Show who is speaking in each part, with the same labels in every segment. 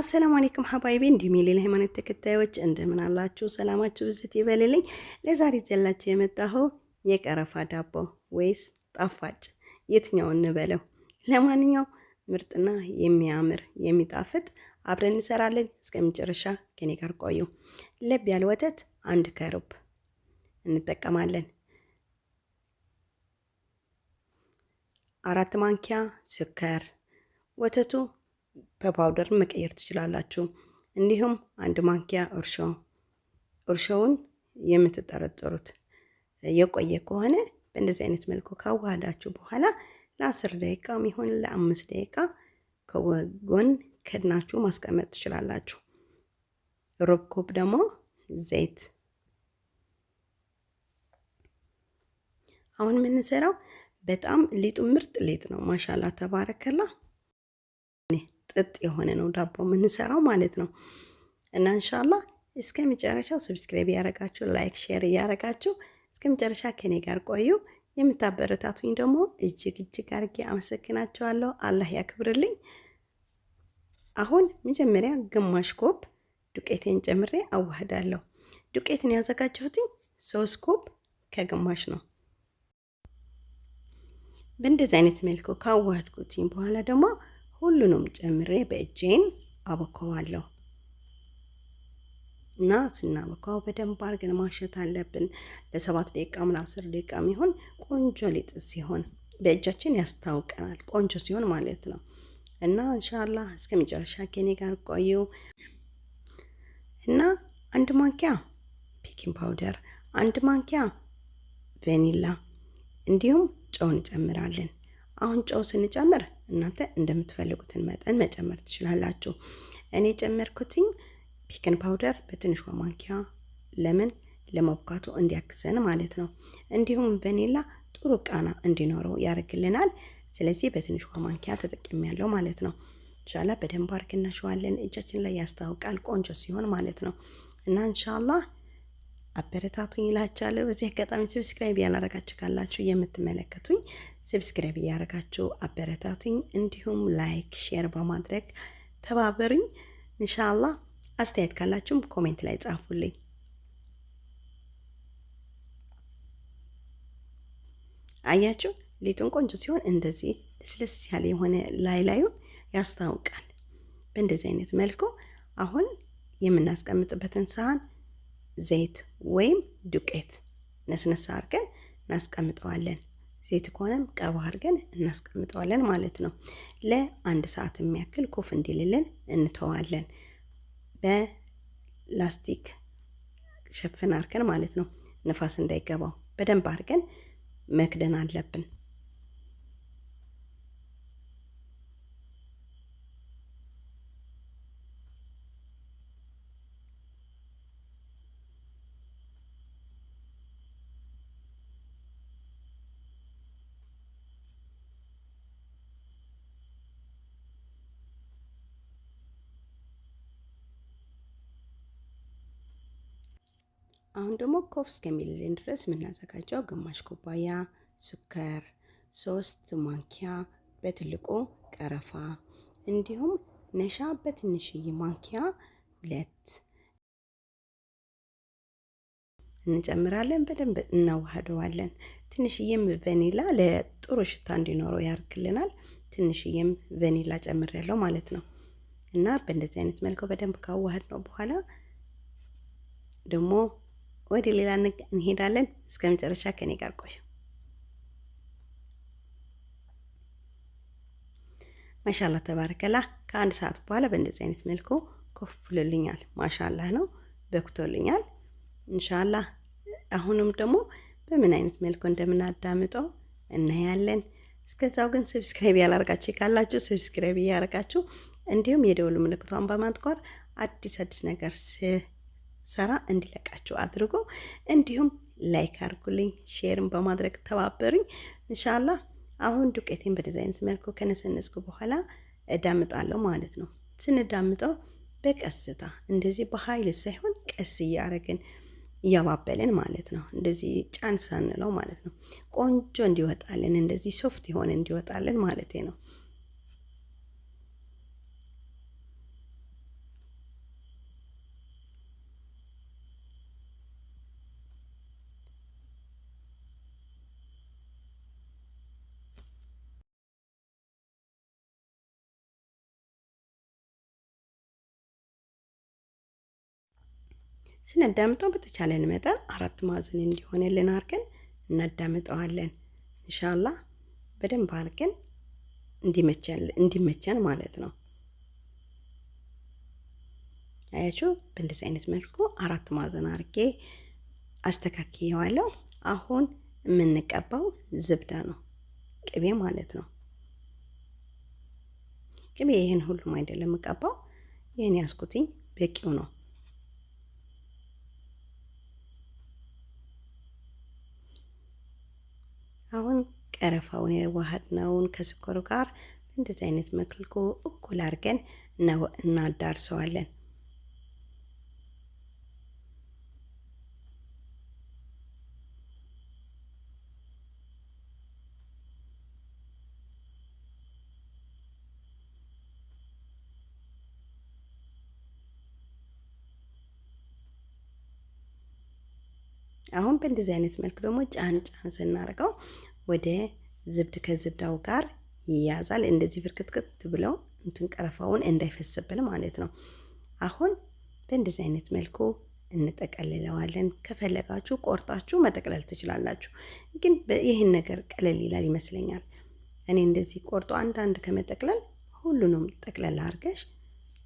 Speaker 1: አሰላሙ አሌይኩም ሀባይቤ እንዲሁም የሌላ ሃይማኖት ተከታዮች እንደምን አላችሁ? ሰላማችሁ ብዝት ይበልልኝ። ለዛሬ ዘላችሁ የመጣኸው የቀረፋ ዳቦ ወይስ ጣፋጭ የትኛው እንበለው? ለማንኛው ምርጥና የሚያምር የሚጣፍጥ አብረን እንሰራለን። እስከ መጨረሻ ከኔ ጋር ቆዩ። ለብ ያለ ወተት አንድ ከሩብ እንጠቀማለን። አራት ማንኪያ ስኳር ወተቱ በፓውደር መቀየር ትችላላችሁ። እንዲሁም አንድ ማንኪያ እርሾ እርሾውን የምትጠረጥሩት የቆየ ከሆነ በእንደዚህ አይነት መልኩ ካዋህዳችሁ በኋላ ለአስር ደቂቃ ሚሆን ለአምስት ደቂቃ ከጎን ከድናችሁ ማስቀመጥ ትችላላችሁ። ሩብ ደግሞ ዘይት አሁን የምንሰራው በጣም ሊጡ ምርጥ ሊጥ ነው። ማሻላ ተባረከላ ጥጥ የሆነ ነው ዳቦ የምንሰራው ማለት ነው። እና እንሻላ እስከ መጨረሻው ሰብስክራይብ እያረጋችሁ ላይክ፣ ሼር እያረጋችሁ እስከ መጨረሻ ከኔ ጋር ቆዩ። የምታበረታቱኝ ደግሞ እጅግ እጅግ አርጌ አመሰግናችኋለሁ። አላህ ያክብርልኝ። አሁን መጀመሪያ ግማሽ ኮብ ዱቄቴን ጨምሬ አዋህዳለሁ። ዱቄትን ያዘጋጀሁትኝ ሶስት ኮፕ ከግማሽ ነው። በእንደዚህ አይነት መልኩ ካዋህድኩትኝ በኋላ ደግሞ ሁሉንም ጨምሬ በእጄን አበኮዋለሁ እና ስናበኳው በደንብ አድርገን ማሸት አለብን። ለሰባት ደቂቃ ምን አስር ደቂቃ ሚሆን ቆንጆ ሊጥ ሲሆን በእጃችን ያስታውቀናል፣ ቆንጆ ሲሆን ማለት ነው። እና እንሻላ እስከ መጨረሻ ከኔ ጋር ቆዩ። እና አንድ ማንኪያ ፒኪን ፓውደር፣ አንድ ማንኪያ ቬኒላ እንዲሁም ጨውን እንጨምራለን። አሁን ጨው ስንጨምር እናንተ እንደምትፈልጉትን መጠን መጨመር ትችላላችሁ። እኔ ጨመርኩትኝ ፒክን ፓውደር በትንሿ ማንኪያ ለምን ለመብካቱ እንዲያግዘን ማለት ነው። እንዲሁም ቫኒላ ጥሩ ቃና እንዲኖረው ያደርግልናል። ስለዚህ በትንሿ ማንኪያ ያለው ማለት ነው። እንሻላ በደንብ አድርገን እናሸዋለን። እጃችን ላይ ያስታውቃል ቆንጆ ሲሆን ማለት ነው እና እንሻላ አበረታቱኝ ይላችኋለሁ። በዚህ አጋጣሚ ሰብስክራይብ ያላረጋችሁ ካላችሁ የምትመለከቱኝ ሰብስክራይብ እያረጋችሁ አበረታቱኝ። እንዲሁም ላይክ፣ ሼር በማድረግ ተባበሩኝ። እንሻላ አስተያየት ካላችሁም ኮሜንት ላይ ጻፉልኝ። አያችሁ ሊጡን ቆንጆ ሲሆን እንደዚህ ለስለስ ያለ የሆነ ላይ ላዩን ያስታውቃል። በእንደዚህ አይነት መልኩ አሁን የምናስቀምጥበትን ሳህን ዘይት ወይም ዱቄት ነስነሳ አድርገን እናስቀምጠዋለን። ዘይት ከሆነም ቀባ አድርገን እናስቀምጠዋለን ማለት ነው። ለአንድ ሰዓት የሚያክል ኩፍ እንዲልልን እንተዋለን። በላስቲክ ሸፍን አድርገን ማለት ነው። ንፋስ እንዳይገባው በደንብ አድርገን መክደን አለብን። አሁን ደግሞ ኮፍ እስከሚልልን ድረስ የምናዘጋጀው ግማሽ ኩባያ ሱከር፣ ሶስት ማንኪያ በትልቁ ቀረፋ እንዲሁም ነሻ በትንሽዬ ማንኪያ ሁለት እንጨምራለን። በደንብ እናዋህደዋለን። ትንሽዬም ቬኒላ ለጥሩ ሽታ እንዲኖረው ያርግልናል። ትንሽዬም ቬኒላ ጨምር ያለው ማለት ነው እና በእንደዚህ አይነት መልኩ በደንብ ካዋህድ ነው በኋላ ደግሞ ወደ ሌላ እንሄዳለን። እስከ መጨረሻ ከኔ ጋር ቆዩ። ማሻላ ተባረከላ። ከአንድ ሰዓት በኋላ በእንደዚህ አይነት መልኩ ኮፍ ብሎልኛል። ማሻላ ነው በኩቶልኛል። እንሻላ አሁንም ደግሞ በምን አይነት መልኩ እንደምናዳምጠው እናያለን። እስከዛው ግን ሰብስክራይብ ያላርጋችሁ ካላችሁ ሰብስክራይብ እያረጋችሁ እንዲሁም የደውሉ ምልክቷን በማጥቆር አዲስ አዲስ ነገር ሰራ እንዲለቃችሁ አድርጎ እንዲሁም ላይክ አድርጉልኝ፣ ሼርን በማድረግ ተባበሩኝ። እንሻላ አሁን ዱቄቴን በደዚ አይነት መልኩ ከነሰነስኩ በኋላ እዳምጣለሁ ማለት ነው። ስንዳምጠው በቀስታ እንደዚህ በኃይል ሳይሆን ቀስ እያደረግን እያባበልን ማለት ነው። እንደዚህ ጫን ሳንለው ማለት ነው። ቆንጆ እንዲወጣልን እንደዚህ ሶፍት የሆነ እንዲወጣልን ማለት ነው። ስናዳምጠው በተቻለን መጠን አራት ማዕዘን እንዲሆንልን አድርገን እናዳምጠዋለን። እንሻላ በደንብ አድርገን እንዲመቸን ማለት ነው። አያችሁ፣ በእንደዚህ አይነት መልኩ አራት ማዕዘን አድርጌ አስተካክየዋለሁ። አሁን የምንቀባው ዝብዳ ነው፣ ቅቤ ማለት ነው። ቅቤ ይህን ሁሉም አይደለም የምቀባው፣ ይህን ያስኩትኝ በቂው ነው። አሁን ቀረፋውን የዋሃድነውን ከስኳሩ ጋር እንደዚህ አይነት መክልኮ እኩል አድርገን እናዳርሰዋለን። አሁን በእንደዚህ አይነት መልክ ደግሞ ጫን ጫን ስናደርገው ወደ ዝብድ ከዝብዳው ጋር ይያዛል። እንደዚህ ፍርክትክት ብለው እንትን ቀረፋውን እንዳይፈስብን ማለት ነው። አሁን በእንደዚህ አይነት መልኩ እንጠቀልለዋለን። ከፈለጋችሁ ቆርጣችሁ መጠቅለል ትችላላችሁ። ግን ይህን ነገር ቀለል ይላል ይመስለኛል። እኔ እንደዚህ ቆርጦ አንዳንድ ከመጠቅለል ሁሉንም ጠቅለል አርገሽ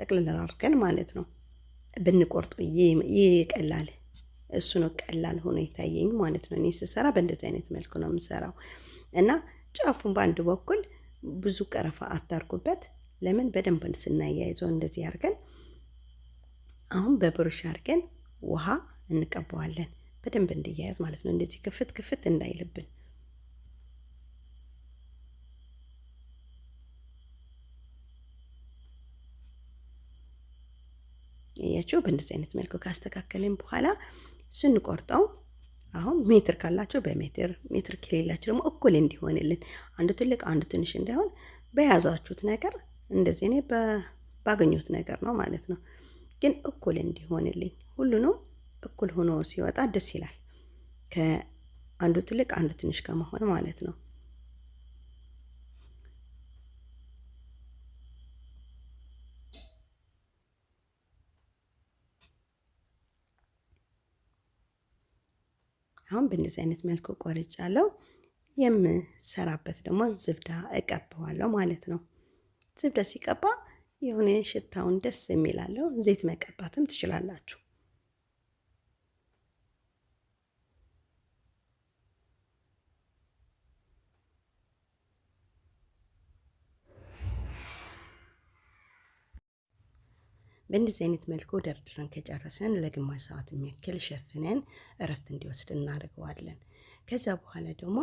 Speaker 1: ጠቅለል አርገን ማለት ነው ብንቆርጦ ይቀላል። እሱ ነው ቀላል ሆኖ የታየኝ ማለት ነው። እኔ ስሰራ በእንደዚህ አይነት መልኩ ነው የምሰራው እና ጫፉን በአንድ በኩል ብዙ ቀረፋ አታርጉበት። ለምን በደንብ ስናያይዘው እንደዚህ አድርገን አሁን በብሩሽ አድርገን ውሃ እንቀባዋለን በደንብ እንዲያያዝ ማለት ነው። እንደዚህ ክፍት ክፍት እንዳይልብን እያቸው። በእንደዚህ አይነት መልኩ ካስተካከልን በኋላ ስንቆርጠው አሁን ሜትር ካላቸው በሜትር ሜትር ከሌላቸው ደግሞ እኩል እንዲሆንልን አንዱ ትልቅ አንዱ ትንሽ እንዳይሆን በያዛችሁት ነገር እንደዚህ እኔ ባገኘሁት ነገር ነው ማለት ነው። ግን እኩል እንዲሆንልኝ ሁሉንም እኩል ሆኖ ሲወጣ ደስ ይላል። ከአንዱ ትልቅ አንዱ ትንሽ ከመሆን ማለት ነው። አሁን በእንደዚህ አይነት መልኩ ቆርጫ አለው። የምሰራበት ደግሞ ዝብዳ እቀባዋለሁ ማለት ነው። ዝብዳ ሲቀባ የሆነ ሽታውን ደስ የሚላለው። ዘይት መቀባትም ትችላላችሁ። በእንደዚህ አይነት መልኩ ደርድረን ከጨረሰን ለግማሽ ሰዓት የሚያክል ሸፍነን እረፍት እንዲወስድ እናደርገዋለን። ከዛ በኋላ ደግሞ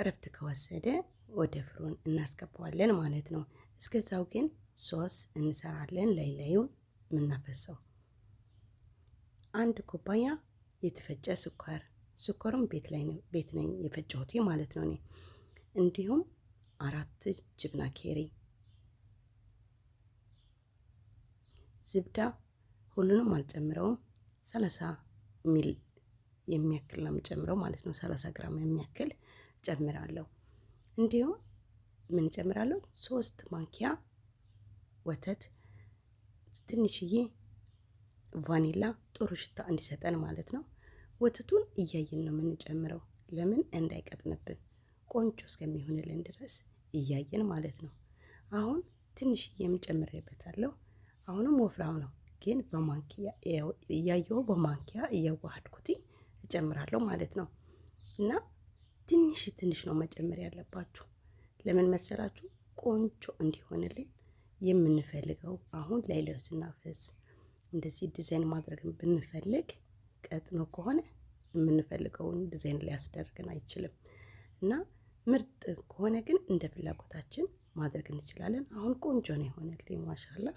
Speaker 1: እረፍት ከወሰደ ወደ ፍሩን እናስገባዋለን ማለት ነው። እስከዛው ግን ሶስ እንሰራለን። ላይ ላዩ የምናፈሰው አንድ ኩባያ የተፈጨ ስኳር፣ ስኳሩም ቤት ላይ ነው ቤት ነኝ የፈጨሁት ማለት ነው እኔ እንዲሁም አራት ጅብና ኬሪ ዝብዳ ሁሉንም አልጨምረውም። ሰላሳ ሚል የሚያክል ነው የምጨምረው ማለት ነው። ሰላሳ ግራም የሚያክል ጨምራለሁ። እንዲሁም ምን ጨምራለሁ? ሶስት ማንኪያ ወተት፣ ትንሽዬ ቫኒላ ጥሩ ሽታ እንዲሰጠን ማለት ነው። ወተቱን እያየን ነው የምንጨምረው። ለምን እንዳይቀጥንብን ቆንጆ እስከሚሆንልን ድረስ እያየን ማለት ነው። አሁን ትንሽዬም ጨምሬበታለሁ። አሁንም ወፍራም ነው፣ ግን በማንኪያ እያየሁ በማንኪያ እያዋሃድኩትኝ እጨምራለሁ ማለት ነው። እና ትንሽ ትንሽ ነው መጨመር ያለባችሁ። ለምን መሰላችሁ? ቆንጆ እንዲሆንልን የምንፈልገው አሁን ላይ ለውስና እንደዚህ ዲዛይን ማድረግ ብንፈልግ ቀጥኖ ከሆነ የምንፈልገውን ዲዛይን ሊያስደርግን አይችልም። እና ምርጥ ከሆነ ግን እንደ ፍላጎታችን ማድረግ እንችላለን። አሁን ቆንጆ ነው የሆነልኝ ማሻላ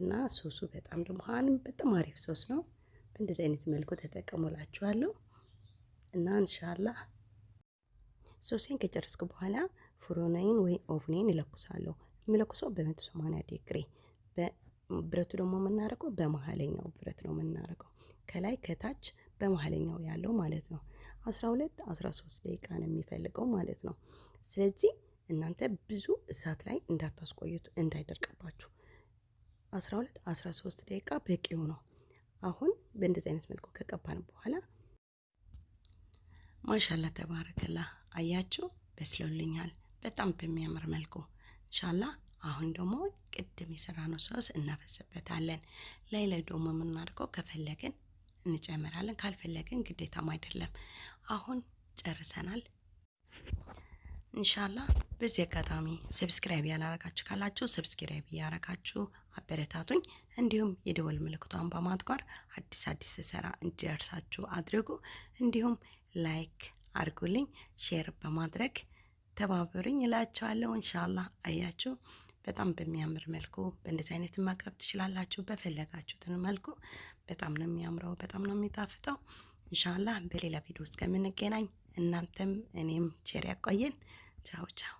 Speaker 1: እና ሶሱ በጣም ደግሞ ሀንም በጣም አሪፍ ሶስ ነው። በእንደዚህ አይነት መልኩ ተጠቀሙላችኋለሁ እና እንሻላ ሶሴን ከጨረስኩ በኋላ ፍሮናይን ወይ ኦቭኔን ይለኩሳለሁ። የምለኩሰው በመቶ ሰማንያ ዲግሪ ብረቱ ደግሞ የምናረገው በመሀለኛው ብረት ነው የምናረገው ከላይ ከታች በመሀለኛው ያለው ማለት ነው። አስራ ሁለት አስራ ሶስት ደቂቃ ነው የሚፈልገው ማለት ነው። ስለዚህ እናንተ ብዙ እሳት ላይ እንዳታስቆዩት እንዳይደርቅባችሁ 12 13 ደቂቃ በቂው ነው። አሁን በእንደዚህ አይነት መልኩ ከቀባን በኋላ ማሻላ ተባረከላ፣ አያችሁ በስሎልኛል በጣም በሚያምር መልኩ እንሻላ። አሁን ደግሞ ቅድም የሰራነው ሶስ እናፈስበታለን። ላይ ላይ ደግሞ የምናደርገው ከፈለግን እንጨምራለን፣ ካልፈለግን ግዴታም አይደለም። አሁን ጨርሰናል። እንሻላ በዚህ አጋጣሚ ሰብስክራይብ ያላረጋችሁ ካላችሁ ሰብስክራይብ እያረጋችሁ አበረታቱኝ። እንዲሁም የደወል ምልክቷን በማጥቆር አዲስ አዲስ ስራ እንዲደርሳችሁ አድርጉ። እንዲሁም ላይክ አድርጉልኝ፣ ሼር በማድረግ ተባበሩኝ እላችኋለሁ። እንሻላ አያችሁ በጣም በሚያምር መልኩ በእንደዚህ አይነት ማቅረብ ትችላላችሁ። በፈለጋችሁትን መልኩ በጣም ነው የሚያምረው፣ በጣም ነው የሚጣፍጠው። እንሻላ በሌላ ቪዲዮ እስከምንገናኝ እናንተም እኔም ቸር ያቆየን። ቻው ቻው።